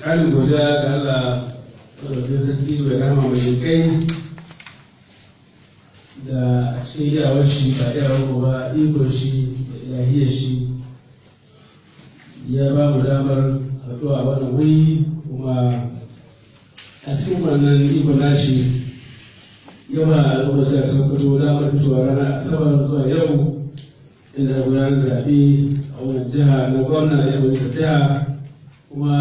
Ƙarin godiya ga Allah ɗaukacin sarki mai rama mai kai da cikin shaidawar shi ba yawon ba ikon shi da ilahiyar shi ya ba mu damar haɗuwa a wannan wuri kuma a cikin wannan ikon nashi yawa al'ummar jihar sokoto damar fitowa ranar asabar zuwa yau inda gudanar zaɓe a wannan jiha na gwamna ya wata jiha kuma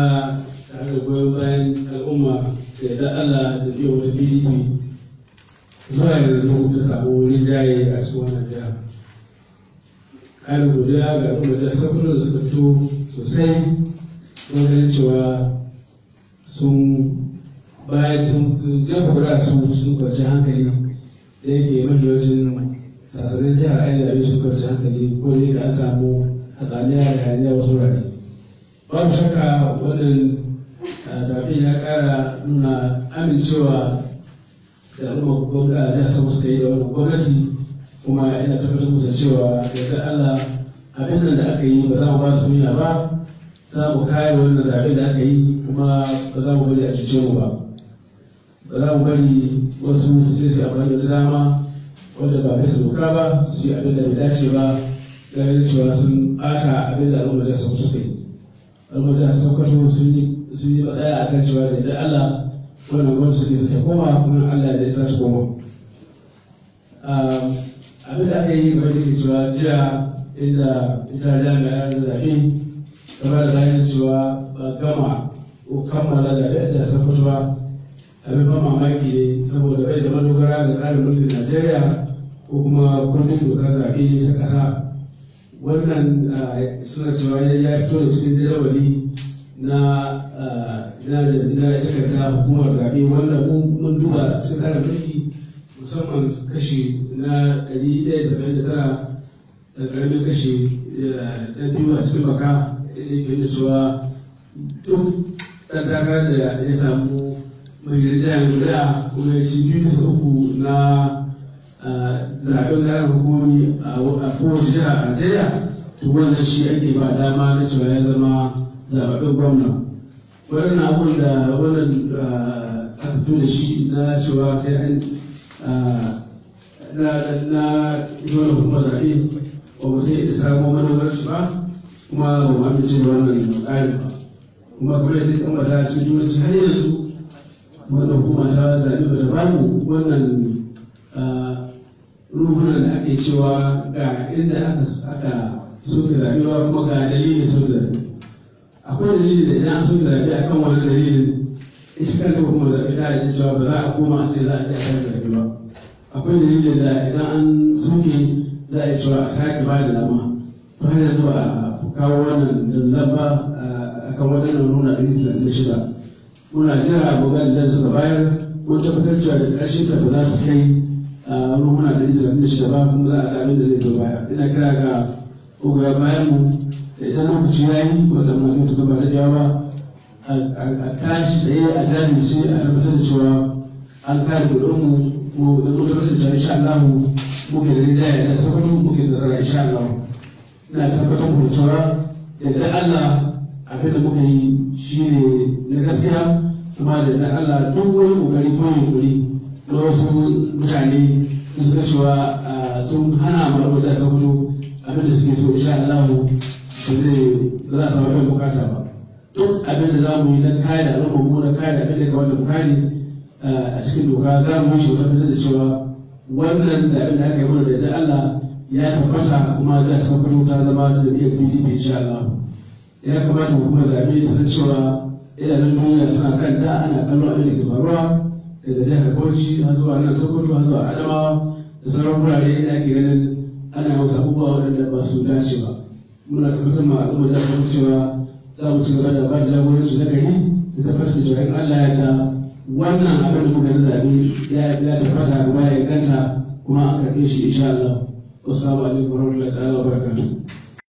tare da goyon bayan al'umma da yadda Allah da biya wata PDP zuwa yanzu ta samu jaye a cikin wannan jiha. Ƙarin godiya ga kuma jiha Sokoto da suka fito sosai don ganin cewa sun bayan sun jefa su sun kwanci hankali da yake mafi yawancin sassanin jihar aizabe su karci hankali ko ne da an samu hatsaniya da hayaniya wasu rari babu shakka a ah, zaɓe ya ƙara nuna amincewa da al'umma gwamnati a jihar sama suka yi da wani gwamnati kuma ina tabbatar musu cewa ta allah abin nan da aka yi ba za mu ba su nuna ba za mu kare wannan zaɓe da aka yi kuma ba za mu bari a cuce mu ba ba za mu bari wasu su je su amfani da dama wanda ba bisa doka ba su yi abin da bai dace ba ganin cewa sun ɓata abin da al'ummar sun suka yi al'ummar sun kashe sun yi matsaya a kan cewa da idan Allah wannan gwamnati suke su ta koma kuma Allah ya ta koma abin da aka yi da ke cewa jiya inda ita jami'a zaɓe zafi kamar da bayan cewa ba gama ko kammala zaɓe a jasar fito ba abin ba mamaki ne saboda bai da madogara da tsarin mulkin najeriya ko kuma kwanin dokar zaɓe ta ƙasa wannan suna cewa ya fito da cikin jadawali na na jakarta hukumar zaɓe wanda mun duba cikin tsarin mulki musamman kashi na 179 da ƙaramin kashi ta biyu a cikin baka ya ke cewa duk ɗan takarar da ya samu mai rinjayen guda kuma ya ci biyu bisa uku na zaɓen ƙarar hukumomi a kowace jiha a Najeriya to wannan shi ake ba dama na cewa ya zama zaɓaɓɓen gwamna. Wannan abun da wannan aka fito da shi na cewa sai an na dole kuma zaɓe ba mu sai isa samo wani shi ba kuma ba mu amince da wannan ƙarin ba. Kuma kuma yadda ɗan wata cikin turanci har yanzu wannan kuma ta zaɓi da bamu wannan ruhunan da ake cewa ga inda aka so zaɓewa kuma ga dalilin so da akwai dalilin da idan so da zaɓe a kan wani dalilin ita kanta kuma zaɓe ta yi cewa ba za a koma a ce za a ce a kan zaɓe ba akwai dalilin da idan an soke za a yi cewa a sake ba da dama ta hanyar zuwa a kawo wannan zanzan ba a kan waɗannan nuna ɗari shida muna jira mu ga idan suka bayar ko tabbatar cewa da ƙarshe ta ba za su kai rumuna da izinin da shi shaba kuma za a sami da zai zo baya ina kira ga koga bayan mu da idan lokaci ya yi ba zama ne ta ba da yawa ba a tashi da ya a jajirce a tabbatar cewa an kare kudin mu ko da ko tabbatar da cewa insha Allah mu muke da rijaya da sabon mu muke da zara insha Allah ina tabbatar da cewa yadda Allah abin da muka yi shi ne na gaskiya kuma da na Allah duk wani kokari ko yunkuri na wasu mutane su kashewa sun hana mara mota sun fito abin da suke so insha Allah su zai za su samu bukata ba duk abin da za mu yi na da al'ummar mu na da abin da kamata mu bukari a cikin doka za mu yi shi tabbatar da cewa wannan zaɓen da aka yi mana da Allah ya tabbata kuma za su samu ta zama ta da iya PDP insha Allah. ya kamata kuma zabe ta san cewa idanun duniya suna kanta ana kallon abin da ke faruwa daga jihar bauchi har zuwa nan sokoto har zuwa adamawa da sauran wurare da ake ganin ana wasu abubuwa waɗanda ba su dace ba muna tabbatar ma al'umma za mu cewa za mu ci gaba da ba jagoranci na gari da tabbatar da cewa in Allah ya ta wannan abin da kuka na zaɓe ya tabbata kuma ya kanta kuma a karɓe shi insha Allah. Wasu alaikum warahmatullahi ta'ala wa barakatuh.